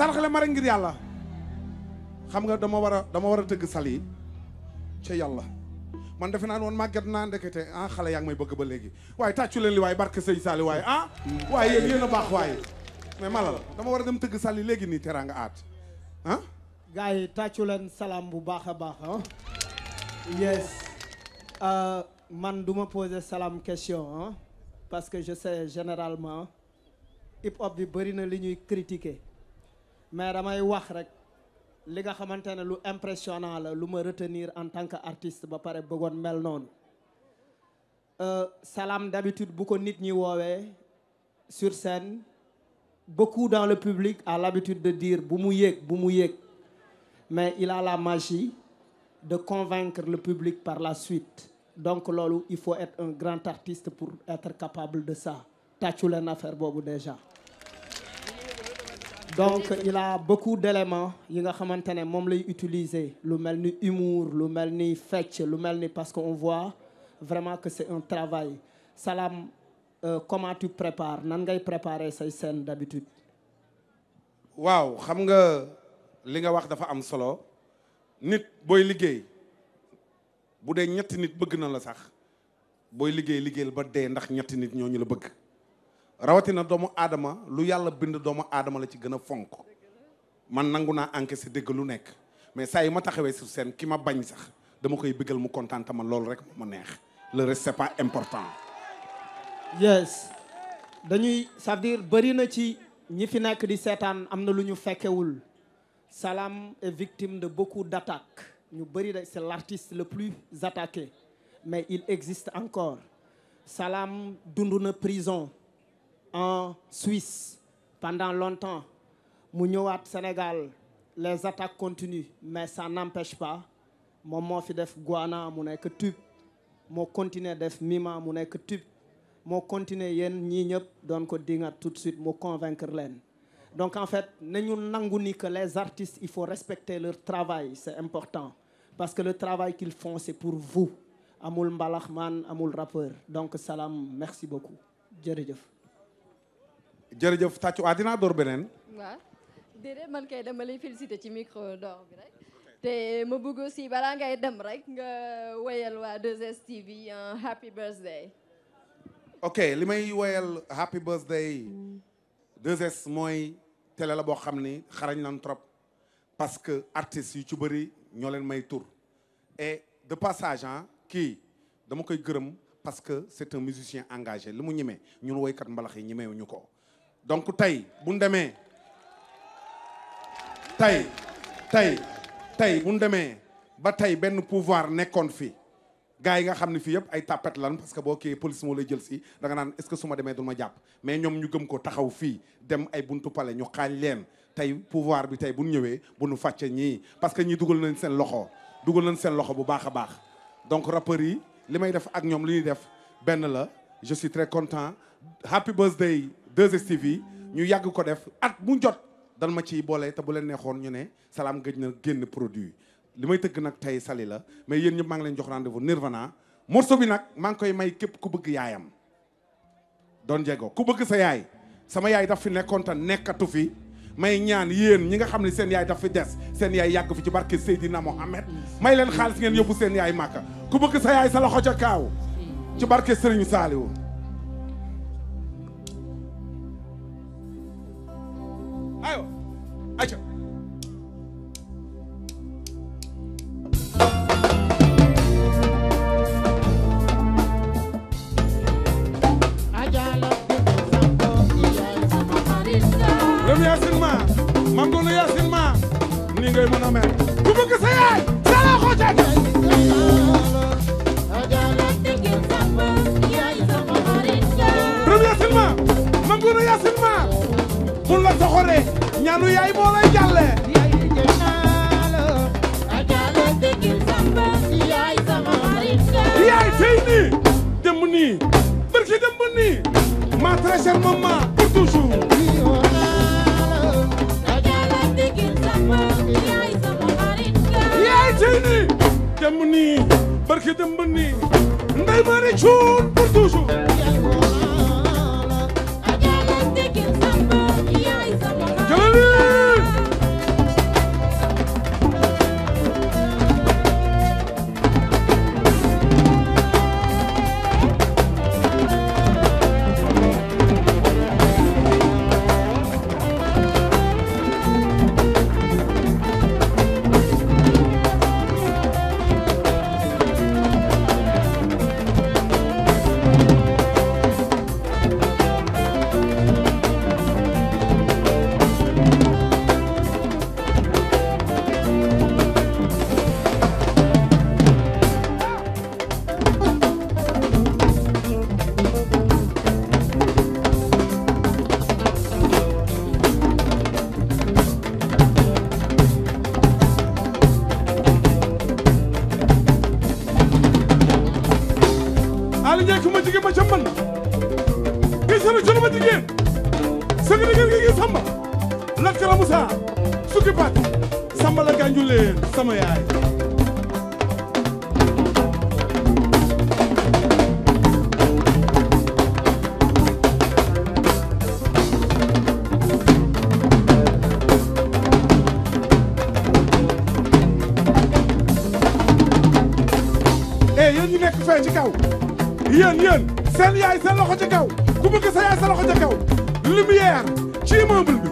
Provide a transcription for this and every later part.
saraxle ma rek ngir yàlla xam nga dama war a dama war a tëgg sal yi yàlla man defe naa ne woon màgget naa ndekete ah xale yaa ngi may bëgg ba léegi waaye tàccu leen li waaye barke sëñ Sali waaye ah waaye yéen yéen a baax waaye mais malal dama war a dem tëgg sal léegi nii teraanga aat ah yi tàccu leen salaam bu baax a baax ah. yes euh, man duma ma salaam question ah. parce que je sais généralement hip hop bi bari na li ñuy critiquer mais damay wax rek li nga xamante ne lu impressionnant la lu ma retenir en tant que artiste ba pare bëggoon mel noonu euh, Salam d'habitude bu ko nit ñi woowee sur scène beaucoup dans le public a l'habitude de dire bu mu yéeg bu mu yéeg mais il a la magie de convaincre le public par la suite donc loolu il faut être un grand artiste pour être capable de ça tàccu leen affaire boobu déjà donc il a beaucoup d'éléments yi nga xamante ne moom lay utiliser lu mel ni humour lu mel ni fecc lu mel ni parce que on voit vraiment que c'est un travail salaam euh, comment tu prépares nan ngay préparer say scène d'habitude waaw xam nga li nga wax dafa am solo nit booy liggéey bu dee ñetti nit bëgg na la sax booy liggéey liggéeyal ba dee ndax ñetti nit ñooñu la bëgg rawatina doomu aadama lu yàlla bind doomu aadama la ci gën a fonk man nangu naa encaissé dégg lu nekk mais saa yi ma taxawee sur scène ki ma bañ sax dama koy biggal mu kontaan ma loolu rek ma neex le reste pas important. yes dañuy c'est-à-dire bëri na ci ñi fi nekk di seetaan am na lu ñu fekkewul Salam est victime de beaucoup d'attaques ñu bëri de c'est l'artiste le plus attaqué mais il existe encore Salam dund na prison. en Suisse pendant longtemps mu ñëwaat Sénégal les attaques continuent mais ça n'empêche pas moom moo fi def Guana mu nekk tube moo continuer def Mima mu nekk tube moo continuer yéen ñii ñëpp doon dinga tout de suite mu convaincre leen donc en fait nañu nangu ni que les artistes il faut respecter leur travail c'est important parce que le travail qu'ils font c'est pour vous amul mbalaxmaan amul rappeur donc salaam merci beaucoup jërëjëf jërëjëf tàccu waa ah, dinaa door beneen. waaw déedéet man kay dama lay félicité ci micro d'or bi rek. te ma bëgg aussi balaa ngay dem rek nga woyal waa 2STV un euh, happy birthday. ok li may woyal happy birthday 2S mooy télé la boo xam ni xarañ nañ trop parce que artistes yu ci bëri ñoo leen may tur et de passage ah kii dama koy gërëm parce que c'est un musicien engagé li mu ñemee ñun woykat mbalax yi ñemewuñu ko. donc tey bu ñu demee tey tey tey bu demee ba tey benn pouvoir nekkoon fi gars yi nga xam ne fii yëpp ay tapet lan parce que boo kii police moo lay jël si da nga naan est ce que su demee du ma jàpp mais ñoom ñu gëm ko taxaw fii dem ay buntu pale ñu xaañ leen tey pouvoir bi tey bu ñu ñëwee bu nu fàccee ñii parce que ñii dugal nañ seen loxo dugal nañ seen loxo bu baax a baax donc rappeurs yi li may def ak ñoom li ñuy def benn la je suis très content happy birthday 2STV ñu yàgg ko def at mu jot dana ma ciy boole te bu leen neexoon ñu ne salaam gëj na génn produit li may tëgg nag tey sali la mais yéen ñu maa ngi leen jox rendez-vous Nirvana morso bi nag maa ngi koy may képp ku bëgg yaayam Don Diego ku bëgg sa yaay sama yaay daf fi nekkoon te nekkatu fi may ñaan yéen ñi nga xam ne seen yaay daf fi des seen yaay yàgg fi ci barke Seydina Mohamed may leen xaalis ngeen yóbbu seen yaay màkka ku bëgg sa yaay sa loxo ca kaaw ci barke Serigne Saliou sa maman pour toujours. yaay tey nii dem nii barke dem nii nday mari cuun pour toujours. yaay sa loxo ca kaw ku bëgg sa yaay sa loxo ca kaw lumière ci immeuble bi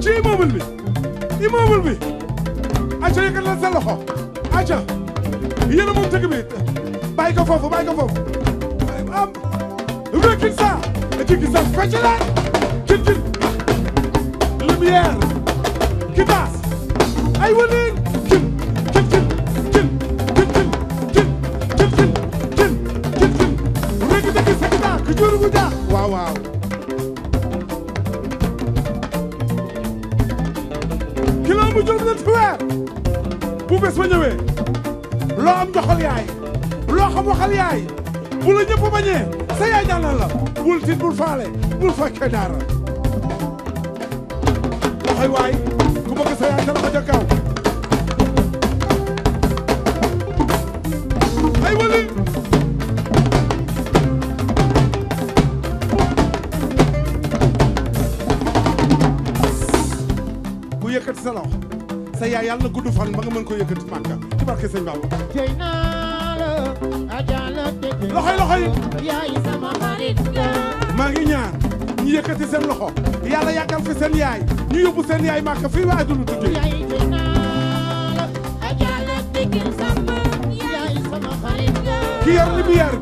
ci immeuble bi immeuble bi aca yëkkat la sa loxo aca yéen a moom tëgg bi bàyyi ko foofu bàyyi am wékkil sa jigi sa fecc la kit kit kitaas ay wëneen du jur bu ja kilo mu jur ñetti weer bu bés ba ñëwee am joxal yaay loo xam waxal yaay bu la ñëpp sa yaay ñaanal la bul tiit bul faale bul fekkee dara waxay waay ku bëgg sa yaay dara ko ca ay wali ci sa loxo sa yaay yàlla na gudd fan ba nga mën ko yëkkati barke sëñ Bamba jëy naa la ajala loxoy loxoy yaay sama xarit maa ngi ñaan ñu yëkkati seen loxo yàlla yàggal fi seen yaay ñu yóbbu seen yaay màkka fii waay dulu tudde yaay jëy naa la ajala dégg sama yaay sama xarit ki yar ni bi yar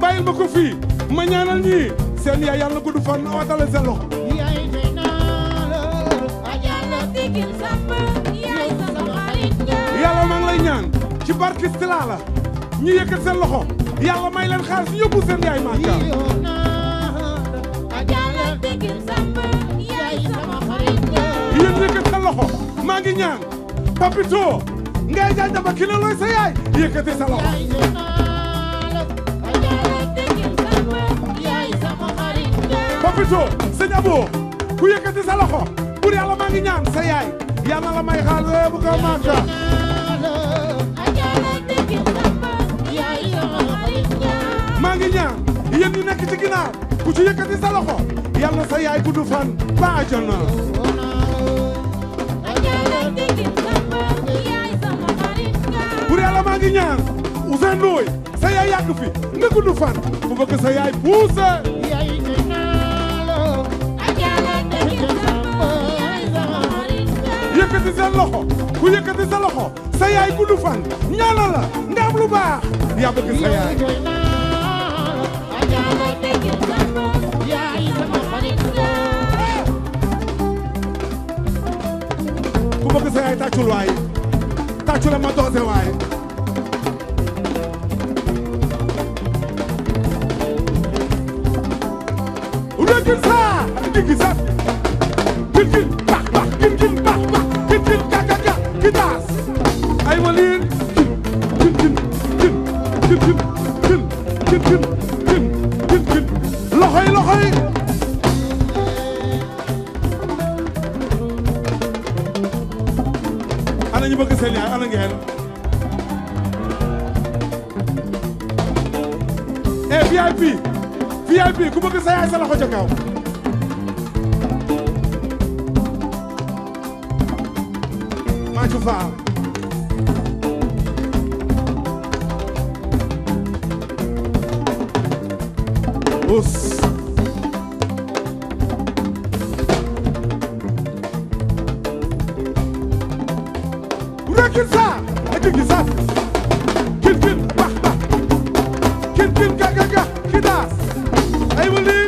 bàyyil ma ko fii ma ñaanal ñii seen na watale seen loxo yàlla maa lay ñaan ci barke Stella la ñu yëkkat seen loxo yàlla may leen xaalis yóbbu seen yaay Maka. yéen yëkkat sa loxo maa ngi ñaan papito ngay jaay dama ki la looy sa yaay yëkkati loxo. papito sëñ Abo ku yëkkati sa loxo. bur yàlla maa ngi ñaan sa yaay yàlla xaal wee bu ko màkka maa ngi ñaan yéen ñu nekk ci ginnaaw ku ci yëkkati sa ba àjjana bur yàlla maa ngi ñaan Ousseyn Ndoye sa yaay yàgg fi puuse yëkkati sa loxo ku bëgg sa yaay ku bëgg sa yaay tàccul Os. Rakil sa, agil gizat. Kil kil ga ga ga kidas. I will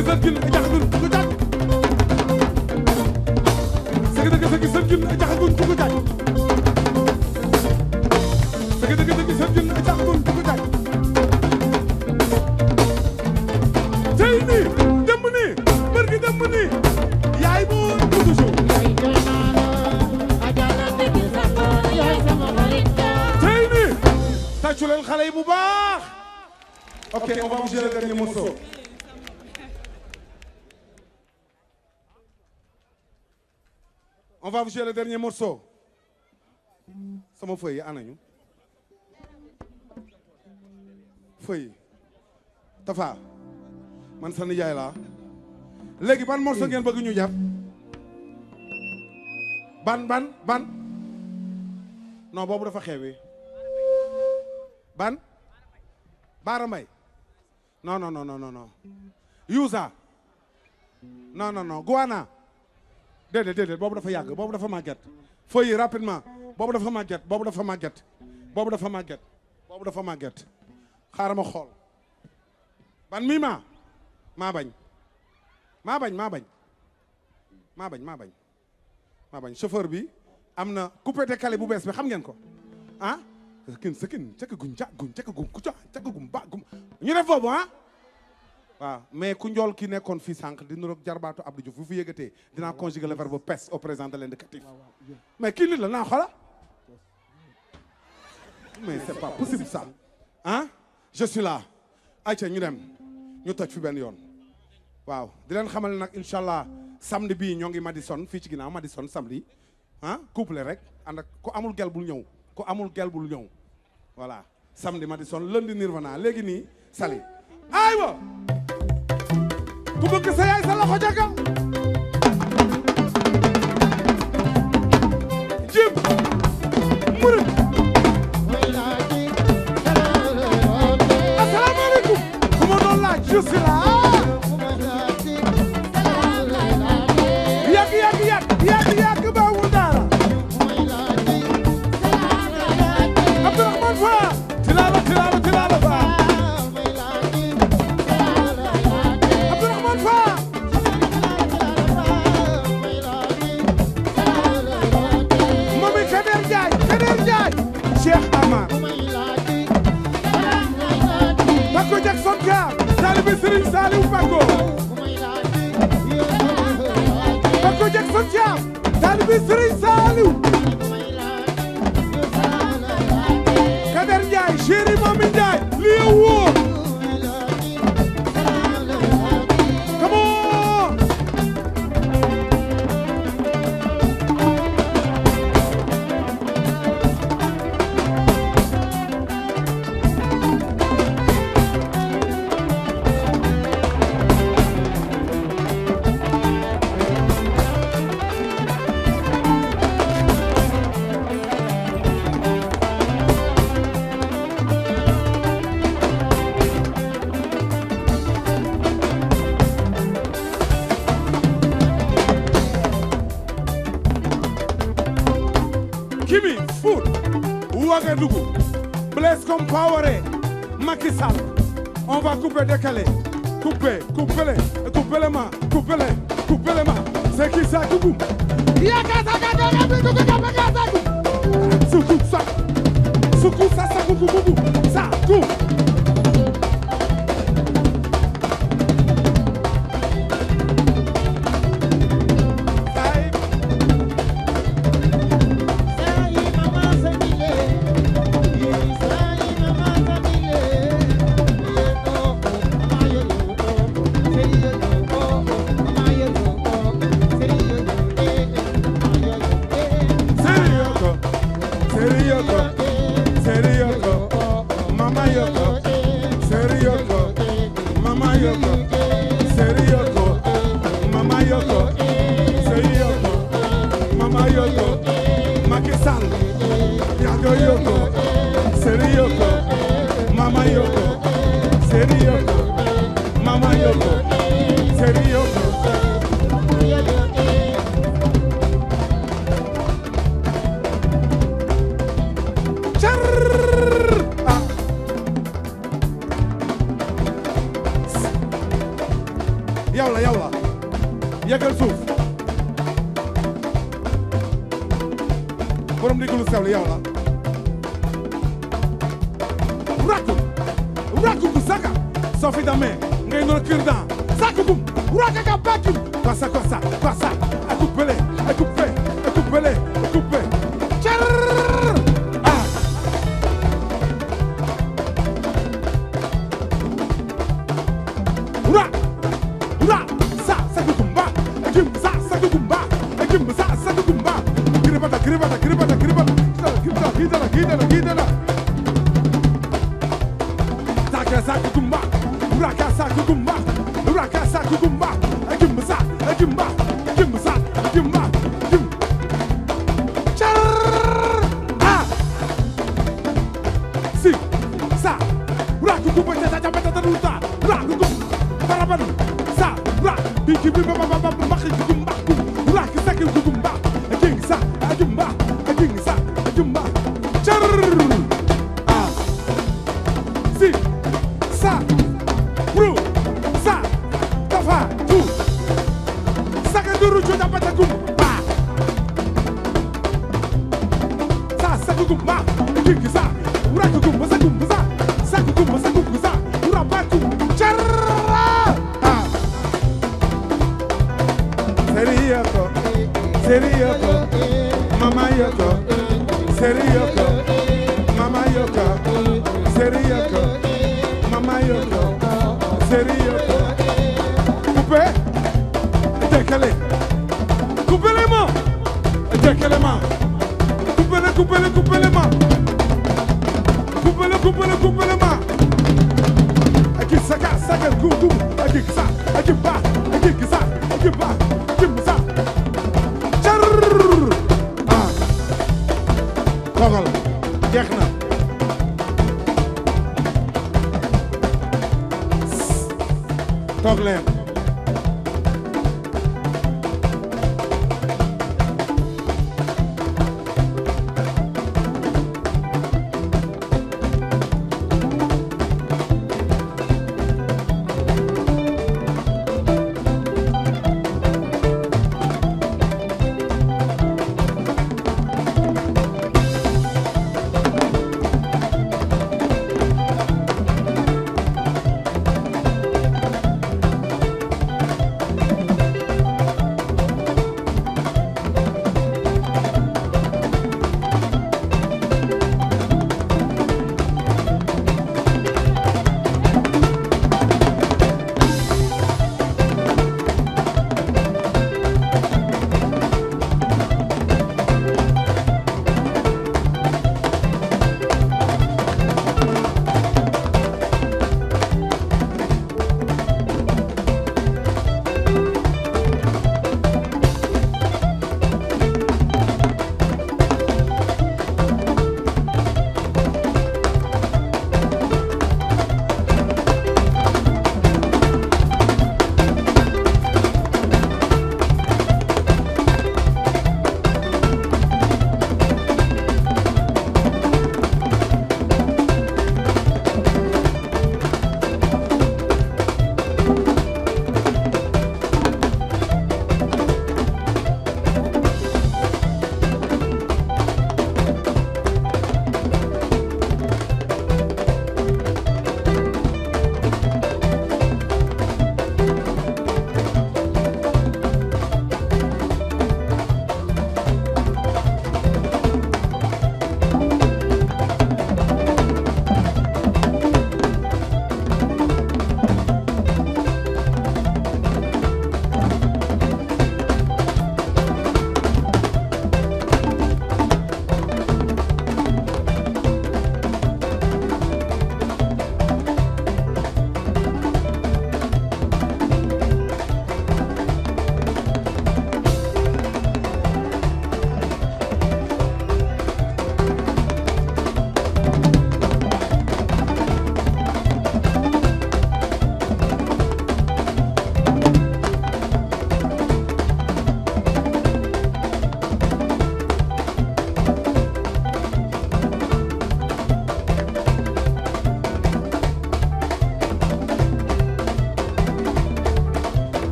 fekk sa jul jaxagun ku ko jaaj sëgg dëgg fekk sa jul jaxagun ku ko jaaj sëgg dëgg fekk sa jul jaxagun ku ko jaaj tey nii dem nii barki dem nii yaay moo tuuti show tey nii tàccu leen xale yi bu baax ok on va vous jouer le dernier morceau va vous jouer le dernier morceau sama feuille yi anañu feuille Tafa man sa nijaay laa léegi ban morceau ngeen bëgg ñu jàpp ban ban ban non boobu dafa xewi ban Baara Mbay non non non non Yuusa non non non Guana déedéet déedéet boobu dafa yàgg boobu dafa màgget feuille yi rapidement boobu dafa màgget boobu dafa màgget boobu dafa màgget boobu dafa màgget xaaral ma xool ban mii maa maa bañ maa bañ maa bañ maa bañ maa bañ maa bañ chauffeur bi am na coupé décalé bu bees bi xam ngeen ko ah sëkin sëkin cakagum ja gum cakagum kuca cakagum ba gum ñu def boobu ah waaw mais ku njool ki nekkoon fii sànq di nuroog jarbaatu Abdou Diouf bu fi yëgatee dinaa conjuguer le verbe pes au présent de l'indicatif mais kii nit la naa xola mais c'est pas possible ça ah je ñu dem ñu toj fi benn yoon waaw di leen xamal nag incha allah samedi bii ñoo ngi Madison fii ci ginnaaw Madison samedi ah couple rek ànd ak ku amul gel ñëw ku amul gel bul ñëw voilà samedi Madison lundi Nirvana léegi nii Sali aywa ku bëgg sa yaay sa loxo jagal jib murit Kimi Food Ouagadougou Blaise Compaoré Macky Sall on va couper décaler couper couper couper les mains couper les couper les mains c'est qui ça Koungheul. yaa ka sa ka doon abdou sa. Suku sa sa sa Koungheul sa Koungheul. yëkkal suuf borom digg lu sew li yow la rakku rakku bu saka soo fi damee ngay noonu kër daan sakku gum rakka ka bakkum kosa kosa kosa akub bële fe akub bële Asa Kukumba Seri Yoko Mama Yoko Seri Yoko Mama Yoko Seri Yoko Mama Yoko Seri Yoko Coupé décalé Coupé les mains décalé les mains Coupé les coupé les Problème.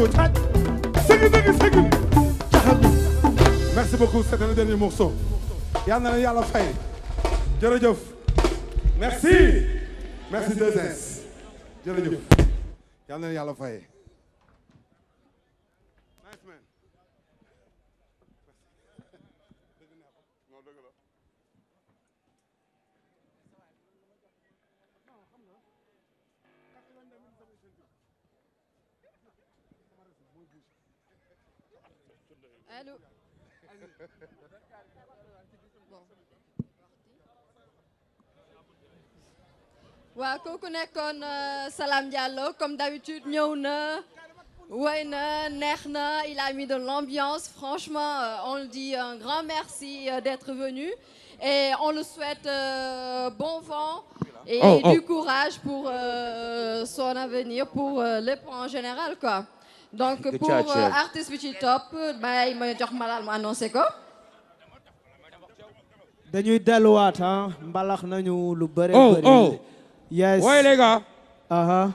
Nico Tchad. Segil, segil, segil. Merci beaucoup, c'était le dernier morceau. Yal na Allô bon waaw kooku nekkoon euh, Salam Diallo comme d'habitude ñëw na woy neex na il a mis de l'ambiance franchement euh, on lui dit un grand merci euh, d'être venu et on le souhaite bon vent et oh, oh. du courage pour son avenir pour l'épreuve en général quoi donc pour artiste bi ci topp bàyyi jox malal mu annoncé ko dañuy delluwaat ah mbalax nañu lu oh, bëri bëri oh. yes wooy les gars